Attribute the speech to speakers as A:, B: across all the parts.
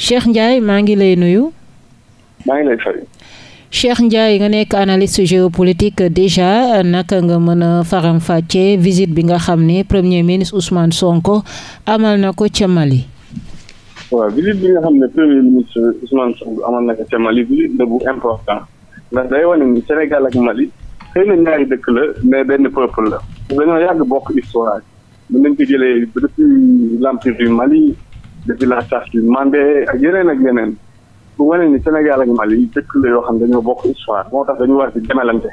A: Cheikh Ndiaye maa ngi lay nuyu. maa ngi lay fay. Cheikh Ndiaye nga nekk analyste géopolitique déjà naka nga mën a faram-fàccee bi nga xam ne premier ministre Ousmane Sonko amal na ko ca Mali.
B: waaw visite bi nga xam ne premier ministre Ousmane Sonko amal na ko ca Mali visite la bu important ndax day wane ni Sénégal ak Mali xëy na ñaari dëkk la mais benn peuple la dañoo yàgg bokk histoire bi nañ ko jëlee depuis l'empire du Mali. depuis la charte bi Mandé ak yeneen ak yeneen bu wane ni Sénégal ak Mali dëkk la yoo xam dañoo bokk histoire moo tax dañu war di demelante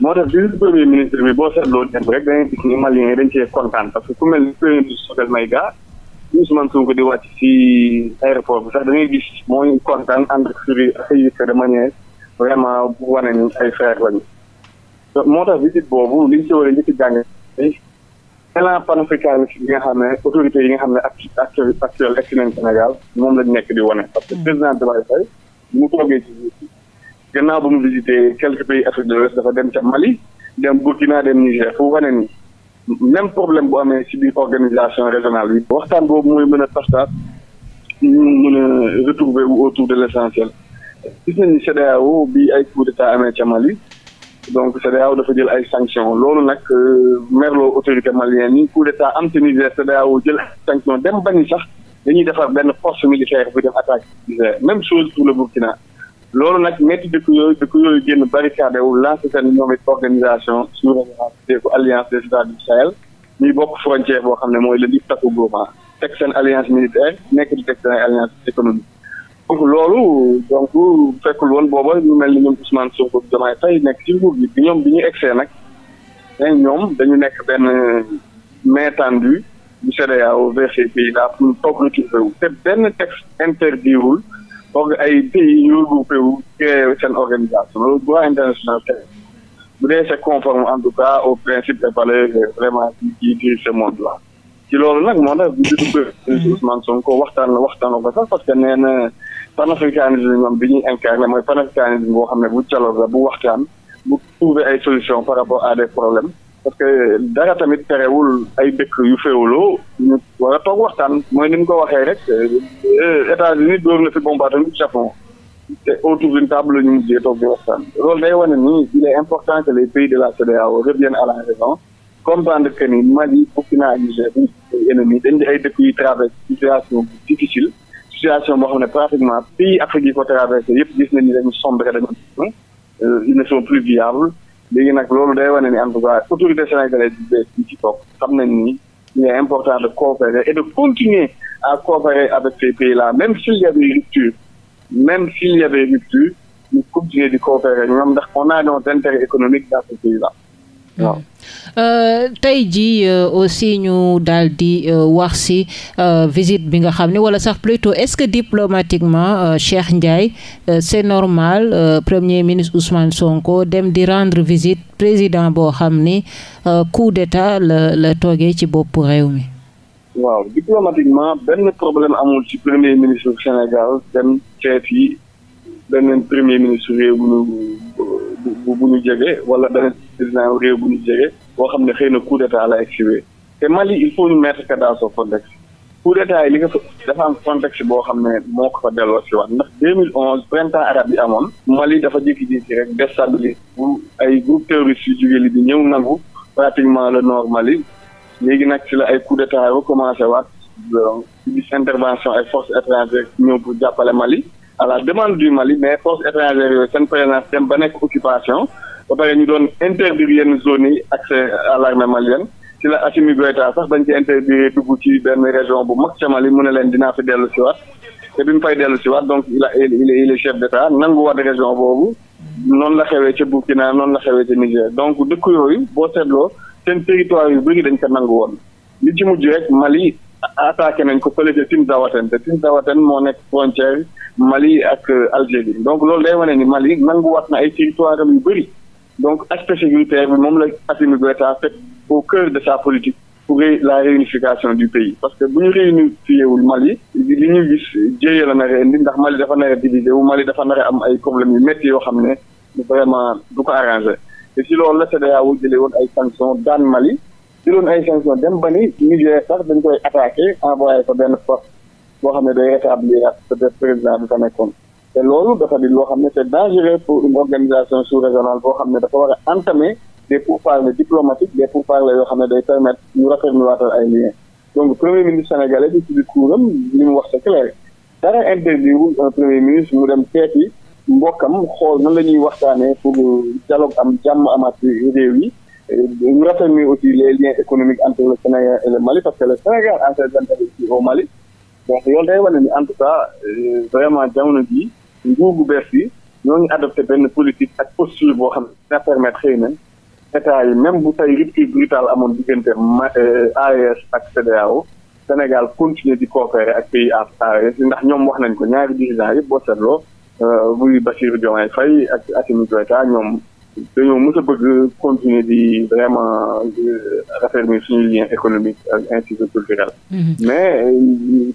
B: moo tax bi premier ministre bi boo seetloo dem rek da gis ni Maliens yi dañ cee kontaan parce que ku mel ni premier ministre Choguel Maïga Ousmane Sonko di wàcc ci aéroport bi sax da ngay gis mooy kontaan ànd ak furi accueillir de manière vraiment bu wane ay frère lañu moo tax visite boobu liñ ci war a njëkk jàng élan panafricaniste bi nga xam ne autorités yi nga xam ne actuel actuel egsi nañ Sénégal moom lañ nekk di wane parce que hmm. président Diomaye Faye mu toogee ci gannaaw ba mu visité quelques pays Afrique de l'Ouest dafa dem ca Mali dem Burkina dem Niger fu wane ni même problème bu amee ci biir organisation régionale bi waxtaan boobu mooy mën a taxtaat ñu mën a retrouver wu autour de l' essentiel gis nañu CEDEAO bi ay coup d'état amee ca Mali donc CEDEAO dafa jël ay sanctions loolu nag euh, merloo autorité malienne yi coup d'état am ci Niger CEDEAO jël sanction dem bañ sax dañuy defar benn force militaire bu dem attaque Niger même chose pour le Burkina loolu nag métti dëkk yooyu dëkk yooyu génn barricade wu lancé seen ñoom it organisation sous-régionale de ko alliance des états du Sahel ñuy bokk frontière boo xam ne mooy le di takku Goma teg seen alliance militaire nekk di teg seen alliance économique loolu donc fekkul woon booba ñu mel ni ñoom Ousmane Sonko Diomaye Faye nekk ci nguur gi bi ñoom bi ñu egsee nag ñoom dañu nekk benn main tendue du CEDEAO vers ces pays là pour toog retrouvé wu te benn texte interdirul donc ay pays ñu regroupé wu créé seen organisation loolu droit international tere bu dee c'est conforme en tout cas aux principes et valeurs vraiment qui dirigent ce monde là ci loolu nag moo tax bi ñu duggee Ousmane Sonko waxtaan waxtaanoo ko sax parce que nee na panafricanisme ñoom bi ñuy incarné mooy panafricanisme boo xam ne bu dialogue la bu waxtaan bu trouver ay solution par rapport à des problèmes parce que dara tamit terewul ay dëkk yu féewloo ñu war a toog waxtaan mooy ni mu ko waxee rek euh, États-Unis dóor na fi bombardement Japon te autour d'une table la ñu mujjee toog di waxtaan loolu day wane ni il est important que les pays de la CEDEAO reviennent à la raison comprendre que ni Mali Burkina ak Niger buñ ay ennemis dañ di ay dëkk yu traverse situation difficile situation boo xam ne pratiquement pays Afrique yi ko traversé yëpp gis nañu dañu sombre dañu euh, ils ne sont plus viables léegi nag loolu day wane ni en tout cas autorité sénégalaise bi bees bi ci toog xam nañ ni il est important de coopérer et de continuer à coopérer avec ces pays là même s'il y avait rupture même s'il y avait rupture ñu continuer di coopérer ñoom ndax on a nos intérêts économiques dans ces pays là
A: waaw mm. Euh, tey jii euh, aussi ñu dal di euh, wax si visite bi nga xam ne wala sax plutôt est-ce que diplomatiquement Cheikh Ndiaye c'est normal premier ministre Ousmane Sonko dem di rendre visite président boo xam ni coup d'état la la toogee ci bopp réew mi.
B: waaw diplomatiquement benn problème amul ci premier ministre Sénégal dem seet yi beneen premier ministre réew bu ñu jege wala beneen président réew bu ñu jege boo xam ne xëy na coup d'état la exhiber te Mali il faut ñu mettre que dans son contexte coup d'état yi li nga fa dafa am contexte boo xam ne moo ko fa delloo si waat ndax 2011 printemps arabe yi amoon Mali dafa jékki-jékki rek déstabiliser bu ay groupe terroriste yu jógee li bi ñëw nangu pratiquement la nord Mali léegi nag ci la ay coup d'état recommencé waat bis intervention ay forces étrangères ñëw pour jàppale Mali à la demande du Mali mais forces étrangères yooyu seen présence dem ba nekk occupation ba ñu doon interdire yenn zone yi accès à l'armée malienne ci la Assimi Goïta sax dañ ci interdire dugg ci benn région bu mag ca Mali mu ne leen dinaa dellu si waat te bi mu fay dellu si waat donc il a il est il est chef d'état nanguwaat boobu noonu la xewee ca Burkina noonu la xewee ca Niger donc dëkk yooyu boo seetloo seen territoire yu bëri dañ ko nangu woon li ci mujj rek Mali attaqué nañ ko fële ca Tinzaouaten te Tinzaouaten moo nekk frontière Mali ak Algérie donc loolu day wane ni Mali wax na ay territoire yu bëri. donc aspect sécuritaire bi moom la Assimi Goïta teg au cœur de sa politique pour la réunification du pays parce que bu ñu réunifiéwul Mali li ñu gis jéye la nare indi ndax Mali dafa nare divisé wu Mali dafa nare am ay problèmes yu métti yoo xam ne vraiment du ko arrangé te si loolu la CEDEAO wu jëlee woon ay sanctions daan Mali jëloon ay sanctions dem ba ni Niger sax dañ koy attaqué envoyé ko benn force boo xam ne day rétablir ak peut-être nekkoon te loolu dafa di loo xam ne c'est dangereux pour une organisation sous-régionale boo xam ne dafa war a entamer des pourparlers diplomatiques des pourparlers yoo xam ne day permettre ñu rafetluwaatal ay liens donc premier ministre sénégalais bi ci biir kuuram li mu wax c'est clair dara interview un premier ministre mu dem teeti mbokkam xool na la ñuy waxtaanee pour dialogue am jàmm amaat réew yi ñu rafetlu aussi les liens économiques entre le Sénégal et Mali parce que le Mali donc yoon day wane ni euh, vraiment jamono jii. nguur gu bees yi ñoo ngi adopté benn politique ak posture boo xam ne dina permettre xëy na état yi même bu tey rupture brutale amoon diggante AES euh, e ak CEDEAO Sénégal continuer di coopérer ak pays AES ndax ñoom wax nañ ko ñaari dirigeants yëpp boo seetloo euh, muy Bassirou Diomaye Faye ak Assimi Goïta ñoom dañoo mës a bëgg continuer di vraiment euh, raffermir suñu lien économique ak ainsi que culturel mm-hmm. mais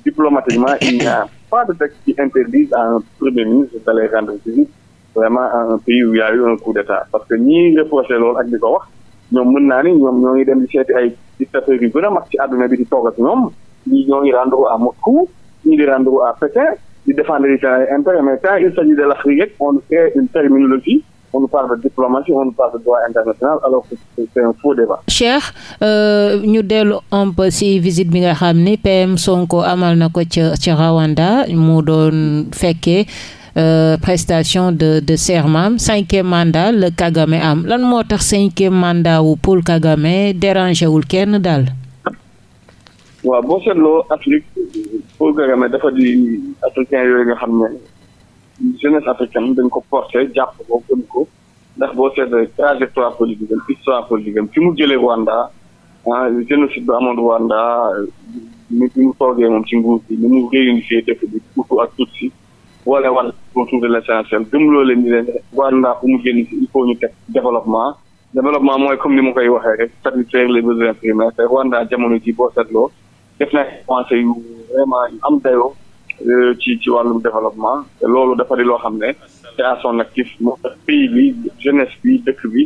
B: diplomatiquement il y a pas de texte qui interdise à un premier ministre d'aller rendre visite vraiment à un pays y a eu un coup d'état parce que ñii reproché loolu ak di ko wax ñoom mën naa ni ñoom ñoo ngi dem di seeti ay dictateurs yu gën a mag ci àdduna bi di toog ak ñoom ñii ñoo ngi rendre à Moscou ñii di rendre à Pékin di défendre seen ay intérêt mais quand sa s'agit de l'Afrique on crée une terminologie on nous parle de diplomatie on nous parle de droit international alors que c'est faux débat.
A: Cheikh euh, ñu dellu un peu ci visite bi nga xam ni PM Sonko amal na ko ca ca mu doon fekkee euh, prestation de de serment cinquième mandat la Kagame am lan moo tax cinquième mandat wu Paul Kagame dérangé wul kenn daal.
B: waaw boo seetloo Afrique Paul Kagame dafa di africain yooyu nga xam ne. jeunesse africaine dañ ko porté jàpp ko gëm ko ndax boo seetee trajectoire politique am histoire politique am fi mu jëlee Rwanda ah si ba amoon Rwanda ni mu toogee moom ci nguur bi ni mu réunifié dëkk bi Hutu ak Tutsi wala wala autour de l'essentiel gëmloo leen ni leen Rwanda bu mu génn ci il faut ñu teg développement développement mooy comme ni ma koy waxee rek satisfaire les besoins primaires te Rwanda jamono ji boo seetloo def na commencé yu vraiment yu am dayoo Euh, ci ci wàllum développement loolu dafa di loo xam ne c'est à son actif moo tax pays bi jeunesse bi dëkk bi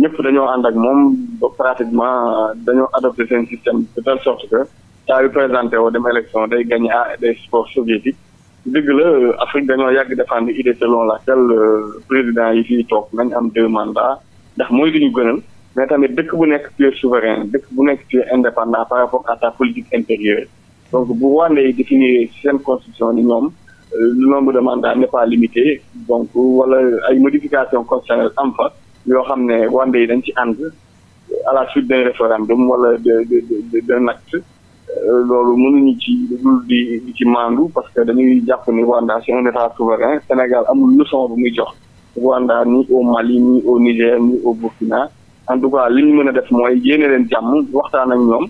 B: ñëpp dañoo ànd ak moom pratiquement euh, dañoo adopté seen système de telle sorte que saa yu présenté woo dem élection day gagné à des sports soviétiques dëgg la euh, Afrique dañoo yàgg défendre idée la laquelle président yi fii toog nañ am deux mandats ndax mooy li ñu gënal mais tamit dëkk bu nekk tu es souverain dëkk bu nekk tu indépendant par rapport à ta politique donc bu Rwandais définir seen constitution ni ñoom le nombre de mandats pas limité donc wala ay modification constitutionnelle am fa yoo xam ne Rwandais yi dañ ci ànd à la suite d'un référendum wala de de d'un acte euh, loolu mënuñu ci di ci maandu parce que dañuy jàpp ni Rwanda c'est un état souverain Sénégal amul leçon bu muy jox Rwanda ni au Mali ni au Niger ni au Burkina en tout cas li ñu mën a def mooy yéene leen jàmm waxtaan ak ñoom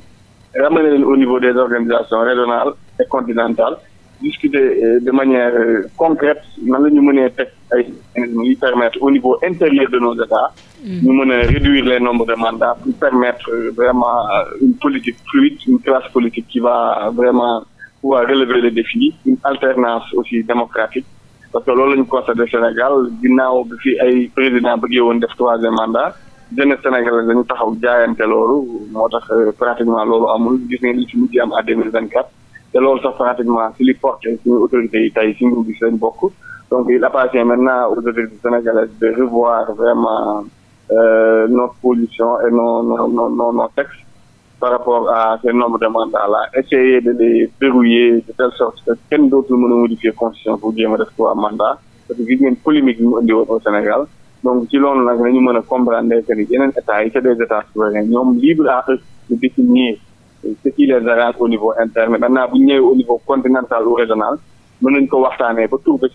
B: ramener leen au niveau des organisations régionales et continentales discuter euh, de manière euh, concrète nan la ñu mënee teg ay mécanismes yi permettre au niveau intérieur de nos états mm. ñu mën a réduire les nombres de mandats pour permettre euh, vraiment une politique fluide une classe politique qui va vraiment pouvoir relever les défis une alternance aussi démocratique parce que loolu la ñu de Sénégal ginnaaw bi fi ay président bëggee woon def troisième mandat jeunesse sénégalaise dañu taxaw jaayante loolu moo tax euh, pratiquement loolu amul gis ngeen li ci mujj am à deux mille vingt quatre te loolu sax pratiquement si li porté suñu autorités yi tey si nguur gi lañ bokk donc il appartient maintenant aux autorités sénégalaises de revoir vraiment euh, notre position et nos nos nos nos par rapport à ce nombre de mandats là essayer de les verrouiller de telle sorte que kenn dootul mën a modifier constitution pour jéem a def trois mandats parce que gis ngeen polémique yi au Sénégal donc ci loolu nag nañu mën a comprendre que ni yeneen état yi c'est des états souverains ñoom libre à eux de définir ce qui les arrange au niveau interne maintenant bu ñu ñëwee au niveau continental ou régional mën nañu ko waxtaanee ba trouver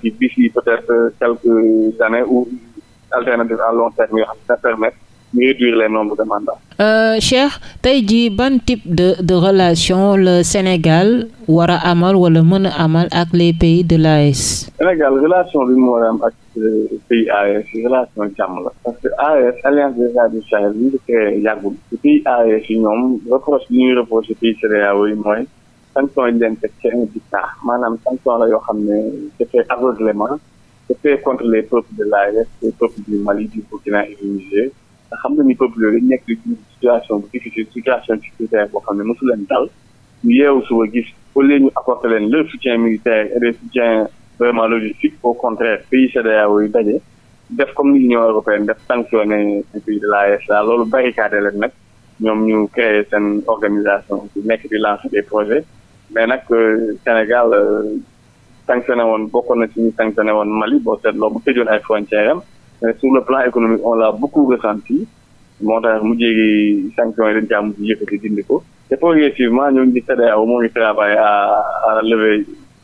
B: ci bi d'ici peut-être quelques années ou alternative à long terme yoo xam ne ça réduire les nombres de mandats.
A: Euh, tey jii ban type de de relation le Sénégal war a amal wala mën a amal ak les pays de l'AES.
B: relation bi mu war a ak euh, pays AES relation jàmm la parce que AES alliance des du Sahel bi ñu créé yàggul pays AES yi ñoom reproche bi ñuy reproché pays CEDEAO yi mooy sanction yi leen teg ci un dictat maanaam sanction la yoo xam ne dafay aveuglement dafay contre les peuples de l'AES les peuples du Mali du Burkina et du Niger xam nga ni peuple yooyu dañ nekk ci situation bu difficile situation sécuritaire boo xam ne mosu leen dal ñu yeewu suba gis au lieu ñu apporter leen le soutien militaire et le soutien vraiment logistique au contraire pays CEDEAO yu daje def comme ni Union européenne def sanctionné les pays de l'AES la e loolu barricade leen nag ñoom ñu créé seen organisation bu nekk di lancer des projets mais nag euh, Sénégal euh, sanctionné woon bokkoon na si ñu sanctionné woon Mali boo seetloo bu mais euh, sur le plan économique on l'a beaucoup ressenti moo a mu jéegi sanctions yi dañ caa mujj yëkkati dindi ko te progressivement ñoo ngi CEDEAO moo ngi travaillé à à lever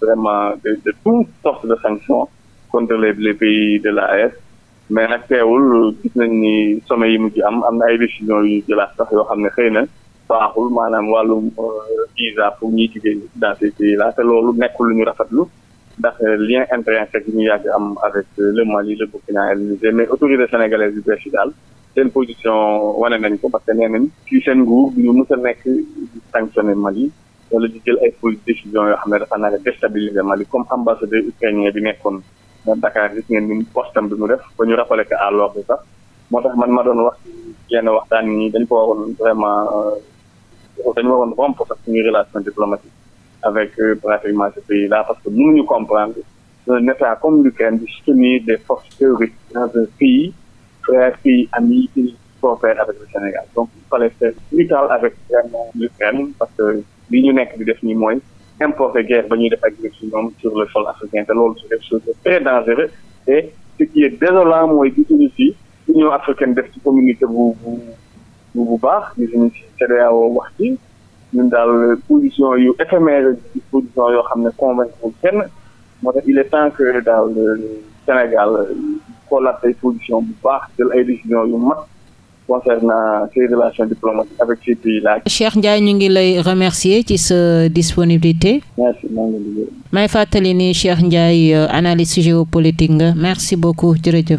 B: vraiment de de toutes sortes de sanctions contre les les pays de l'AES mais nag teewul gis nañ ni sommet yi mujj am am na ay décisions yu jëlaat sax yoo xam ne xëy na baaxul maanaam wàllum euh, visa pour ñiy jugee dans ces pays là te loolu nekkul lu ñu rafetlu ndax euh, lien intrinsèque rek ñu yàgg am avec euh, le Mali le Burkina et le Niger mais autorités sénégalaises yu bees yi daal seen position wane nañ ko parce que nee nañ ci seen nguur du ñu mës a nekk di sanctionné Mali wala di jël ay décision yoo xam ne dafa naka déstabiliser Mali comme ambassadeur ukrainien bi nekkoon Dakar gis ngeen ni postam bi mu def ba ñu rappelé que à sax moo tax man ma doon wax yenn waxtaan yi dañ ko waroon vraiment euh, dañu waroon rompre sax suñu relation diplomatique avec pratiquement ce pays-là parce que nous nous comprendre un État comme l'Ukraine de soutenir des forces terroristes dans un pays frère, pays ami qui coopère avec le Sénégal donc il fallait faire vital avec l'Ukraine parce que li ñu nekk di def nii mooy importer guerre ba ñuy def ak si ñoom sur le sol africain te loolu c'est quelque e de très dangereux et ce qui est désolant mooy gisuñu si Union africaine def ci communauté bu bu bu baax gisuñu si CEDEAO wax ci ñun daal position yu éphémère position yoo xam ne convaincre kenn moo tax il est temps que daal Sénégal xoolaat ay position bu baax jël ay décision yu mat concernant ses relations diplomatiques avec ces pays-là. Cheikh Ndiaye
A: ñu ngi lay remercier ci sa disponibilité. may fàttali ni Cheikh Ndiaye euh, analyste géopolitique nga merci beaucoup jërëjëf.